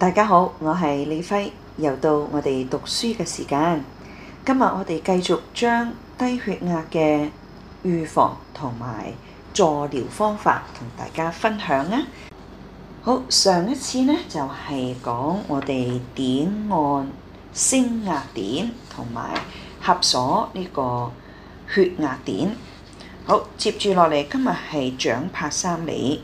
大家好，我係李輝，又到我哋讀書嘅時間。今日我哋繼續將低血壓嘅預防同埋助療方法同大家分享啊。好，上一次呢就係、是、講我哋點按升壓點同埋合鎖呢個血壓點。好，接住落嚟，今日係掌拍三里，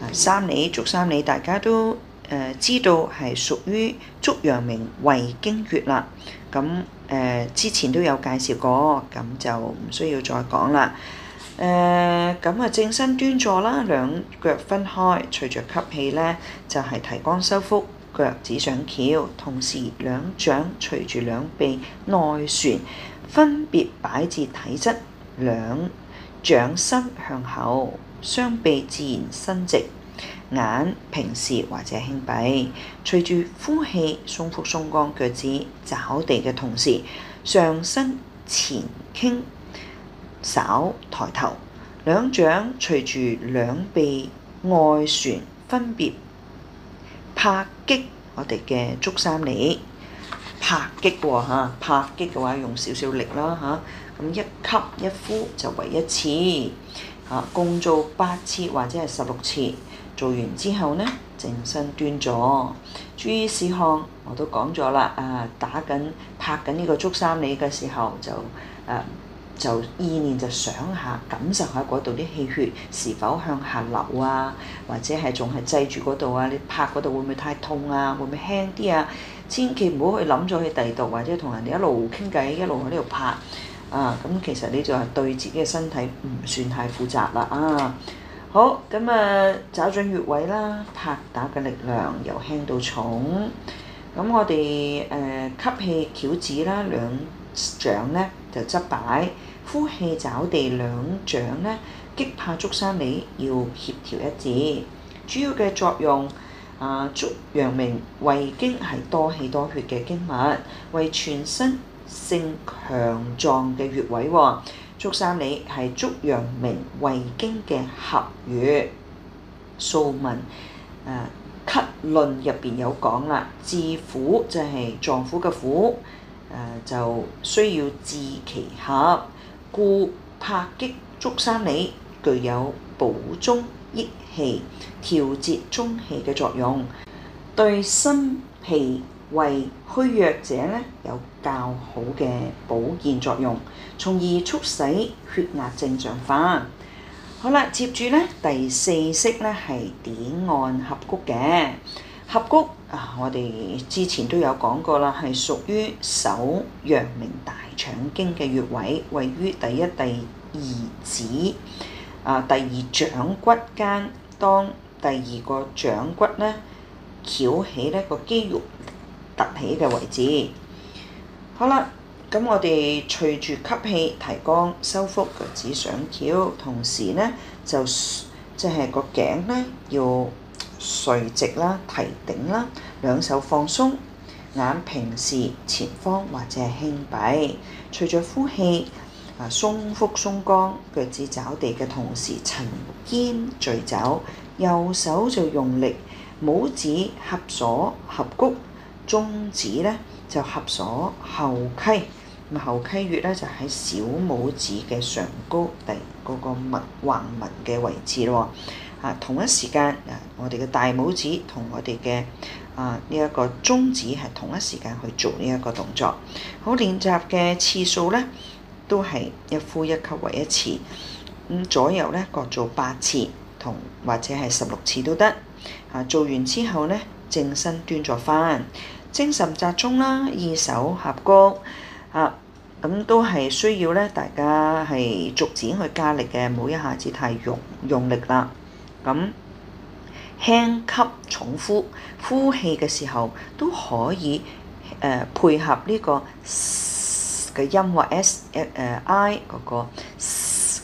啊，三里足三里，三里大家都。呃、知道係屬於足陽明胃經穴啦，咁、呃、誒之前都有介紹過，咁就唔需要再講啦。誒咁啊，正身端坐啦，兩腳分開，隨着吸氣咧，就係、是、提肛收腹，腳趾上翹，同時兩掌隨住兩臂內旋，分別擺至體側，兩掌心向後，雙臂自然伸直。眼平視或者輕閉，隨住呼氣，鬆腹鬆肛，腳趾抓地嘅同時，上身前傾，稍抬頭，兩掌隨住兩臂外旋分別，分別拍擊我哋嘅足三里。拍擊喎嚇，拍擊嘅話用少少力啦嚇，咁一吸一呼就為一次嚇，共做八次或者係十六次。做完之後呢，靜身端坐，注意事項我都講咗啦。啊，打緊拍緊呢個足三里嘅時候就誒、啊，就意念就想下感受下嗰度啲氣血是否向下流啊，或者係仲係滯住嗰度啊？你拍嗰度會唔會太痛啊？會唔會輕啲啊？千祈唔好去諗咗去第二度，或者同人哋一路傾偈，一路喺呢度拍啊。咁、嗯、其實你就係對自己嘅身體唔算太負責啦啊！好，咁、嗯、啊，找準穴位啦，拍打嘅力量由輕到重。咁、嗯、我哋誒、呃、吸氣，翹指啦，兩掌咧就側擺；呼氣找地兩掌咧擊拍足三里，要協調一致。主要嘅作用啊，足陽明胃經係多氣多血嘅經脈，為全身性強壯嘅穴位喎、哦。足三里係足陽明胃經嘅合穴，素問啊咳論入邊有講啦，治腑就係臟腑嘅腑，誒、呃、就需要治其合，故拍擊足三里具有補中益氣、調節中氣嘅作用，對心脾為虛弱者呢有較好嘅保健作用，從而促使血壓正常化。好啦，接住呢第四式呢係點按合谷嘅。合谷啊，我哋之前都有講過啦，係屬於手陽明大腸經嘅穴位，位於第一、第二指啊第二掌骨間，當第二個掌骨呢翹起呢個肌肉。凸起嘅位置，好啦，咁我哋隨住吸氣提肛收腹，腳趾上翹，同時咧就即係個頸咧要垂直啦、提頂啦，兩手放鬆，眼平視前方或者係輕閉。隨着呼氣，啊鬆腹鬆肛，腳趾找地嘅同時沉肩聚肘，右手就用力，拇指合鎖合谷。中指咧就合鎖後溪，咁後溪穴咧就喺小拇指嘅上高第嗰個脈橫紋嘅位置咯。啊，同一時間，我哋嘅大拇指同我哋嘅啊呢一個中指係同一時間去做呢一個動作。好，練習嘅次數咧都係一呼一吸為一次，咁左右咧各做八次，同或者係十六次都得。啊，做完之後咧正身端坐翻。精神集中啦，二手合谷啊，咁、嗯、都係需要咧，大家係逐漸去加力嘅，唔好一下子太用用力啦。咁輕吸重呼，呼氣嘅時候都可以誒、呃、配合呢個嘅音或 S 誒、uh, I 嗰個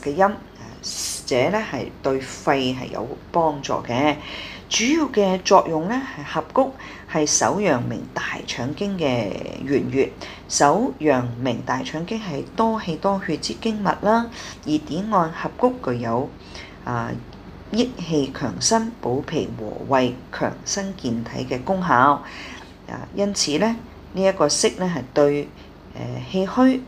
嘅音，或者咧係對肺係有幫助嘅，主要嘅作用咧係合谷，係手陽明大腸經嘅原穴，手陽明大腸經係多氣多血之經脈啦，而點按合谷具有、啊、益氣強身、補脾和胃、強身健體嘅功效。啊，因此咧呢一、這個穴咧係對誒氣虛、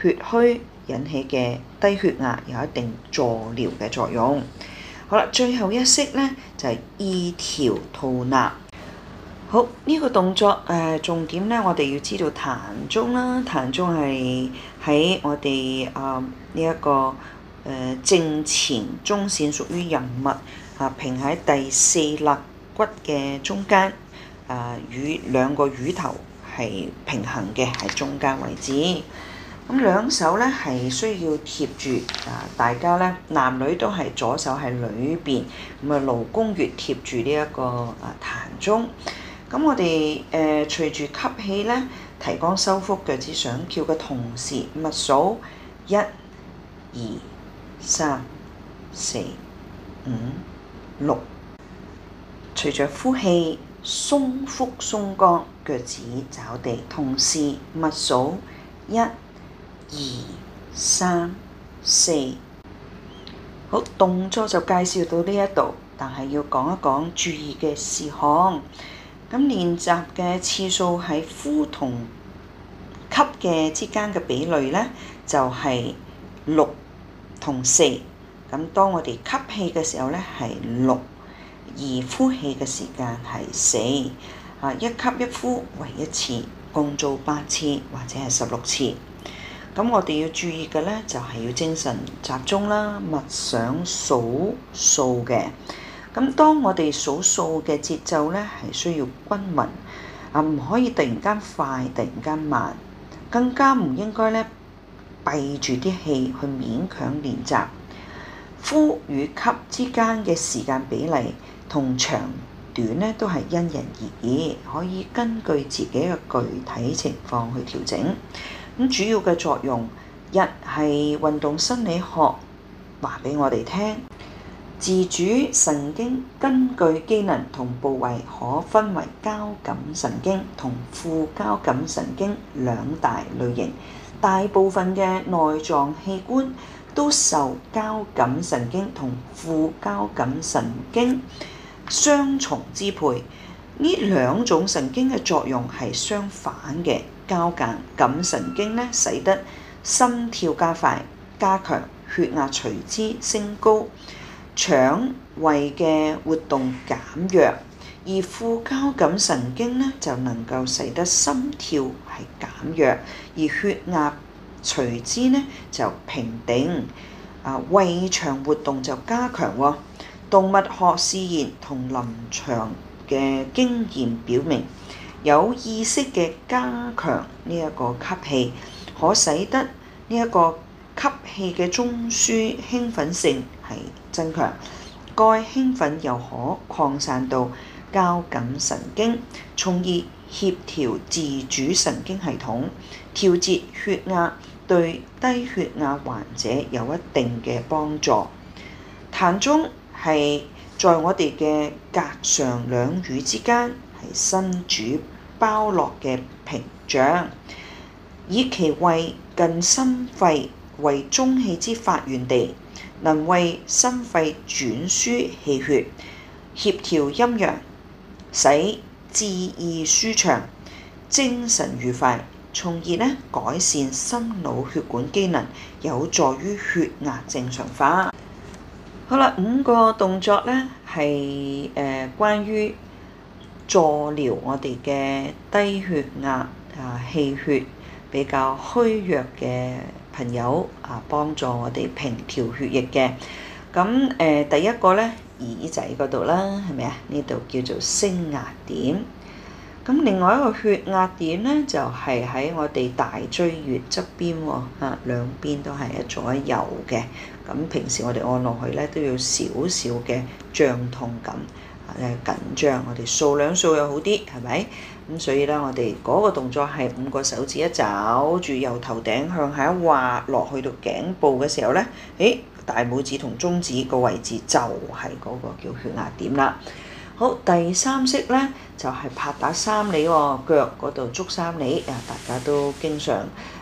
血虛引起嘅低血壓有一定助療嘅作用。好啦，最後一穴咧就係二條吐納。好呢、這個動作誒、呃、重點咧，我哋要知道檀中啦，檀中係喺我哋啊呢一個誒正前中線屬於人物啊、呃、平喺第四肋骨嘅中間啊，與、呃、兩個乳頭係平衡嘅，喺中間位置。咁、呃、兩手咧係需要貼住啊，大家咧男女都係左手喺裏邊，咁啊勞宮穴貼住呢一個啊檀中。咁我哋誒隨住吸氣咧，提肛收腹，腳趾上翹嘅同時，默數一、二、三、四、五、六。隨着呼氣，鬆腹鬆肛，腳趾找地，同時默數一、二、三、四。好，動作就介紹到呢一度，但係要講一講注意嘅事項。咁練習嘅次數喺呼同吸嘅之間嘅比率咧，就係六同四。咁當我哋吸氣嘅時候咧，係六；而呼氣嘅時間係四。啊，一吸一呼為一次，共做八次或者係十六次。咁我哋要注意嘅咧，就係、是、要精神集中啦，勿想數數嘅。咁當我哋數數嘅節奏咧，係需要均勻啊，唔可以突然間快，突然間慢，更加唔應該咧閉住啲氣去勉強練習。呼與吸之間嘅時間比例同長短咧，都係因人而異，可以根據自己嘅具體情況去調整。咁主要嘅作用，一係運動生理學話俾我哋聽。自主神經根據機能同部位可分為交感神經同副交感神經兩大類型。大部分嘅內臟器官都受交感神經同副交感神經雙重支配。呢兩種神經嘅作用係相反嘅。交感神經呢，使得心跳加快、加強，血壓隨之升高。腸胃嘅活動減弱，而副交感神經呢，就能夠使得心跳係減弱，而血壓隨之呢，就平定。啊，胃腸活動就加強喎、哦。動物學試驗同臨床嘅經驗表明，有意識嘅加強呢一個吸氣，可使得呢、這、一個吸氣嘅中樞興奮性係增強，該興奮又可擴散到交感神經，從而協調自主神經系統，調節血壓，對低血壓患者有一定嘅幫助。膻中係在我哋嘅膈上兩乳之間，係心主包絡嘅屏障，以其為近心肺。為中氣之發源地，能為心肺轉輸氣血，協調陰陽，使志意舒暢、精神愉快，從而呢改善心腦血管機能，有助於血壓正常化。好啦，五個動作呢係誒、呃、關於助療我哋嘅低血壓啊、氣血比較虛弱嘅。朋友啊，幫助我哋平調血液嘅。咁誒、呃，第一個咧，耳仔嗰度啦，係咪啊？呢度叫做升壓點。咁另外一個血壓點咧，就係、是、喺我哋大椎穴側邊喎、哦。啊，兩邊都係一左一右嘅。咁平時我哋按落去咧，都有少少嘅脹痛感。誒緊張，我哋掃兩掃又好啲，係咪？咁所以咧，我哋嗰個動作係五個手指一抓住由頭頂向下一滑落去，到頸部嘅時候咧，誒大拇指同中指個位置就係嗰個叫血壓點啦。好，第三式咧就係、是、拍打三里喎、哦，腳嗰度足三里，啊！大家都經常。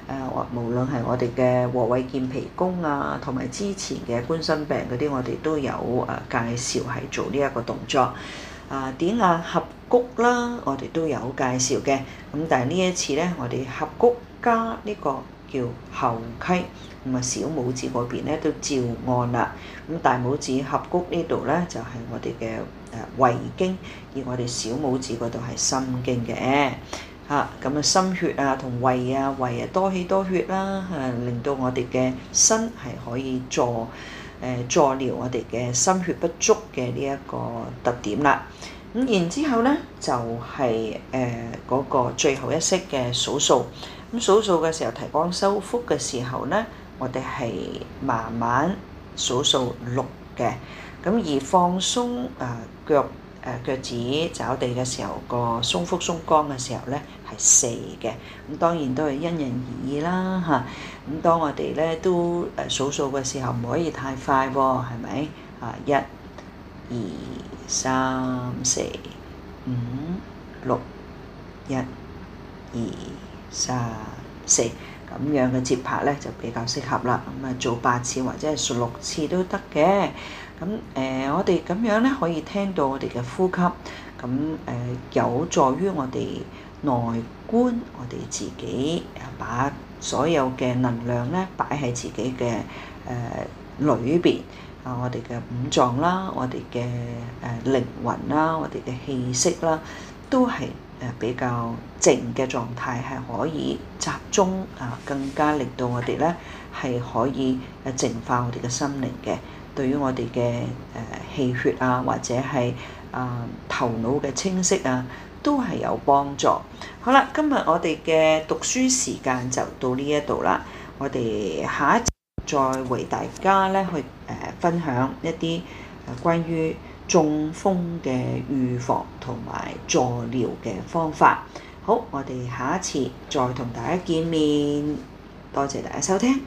誒，無論係我哋嘅和胃健脾功啊，同埋之前嘅冠心病嗰啲，我哋都有誒介紹係做呢一個動作。啊，點壓、啊、合谷啦，我哋都有介紹嘅。咁但係呢一次咧，我哋合谷加呢個叫後溪，咁、嗯、啊小拇指嗰邊咧都照按啦。咁大拇指合谷呢度咧，就係、是、我哋嘅誒胃經，而我哋小拇指嗰度係心經嘅。啊，咁啊，心血啊，同胃啊，胃啊多氣多血啦、啊，嚇、啊、令到我哋嘅身係可以助誒、呃、助療我哋嘅心血不足嘅呢一個特點啦。咁然之後咧，就係誒嗰個最後一式嘅數數。咁數數嘅時候提肛收腹嘅時候咧，我哋係慢慢數數六嘅。咁而放鬆啊腳。呃腳誒、啊、腳趾找地嘅時候，個鬆腹鬆肛嘅時候呢係四嘅，咁當然都係因人而異啦嚇。咁、啊、當我哋咧都誒數數嘅時候，唔可以太快喎、哦，係咪？啊，一、二、三、四、五、六、一、二、三、四，咁樣嘅節拍呢就比較適合啦。咁、嗯、啊，做八次或者係十六次都得嘅。咁誒，我哋咁樣咧，可以聽到我哋嘅呼吸，咁誒，有助於我哋內觀我哋自己，啊，把所有嘅能量咧擺喺自己嘅誒裏邊啊，我哋嘅五臟啦，我哋嘅誒靈魂啦，我哋嘅氣息啦，都係誒比較靜嘅狀態，係可以集中啊，更加令到我哋咧係可以誒淨化我哋嘅心靈嘅。對於我哋嘅誒氣血啊，或者係啊、嗯、頭腦嘅清晰啊，都係有幫助。好啦，今日我哋嘅讀書時間就到呢一度啦。我哋下一節再為大家咧去誒、呃、分享一啲誒關於中風嘅預防同埋助療嘅方法。好，我哋下一次再同大家見面。多謝大家收聽。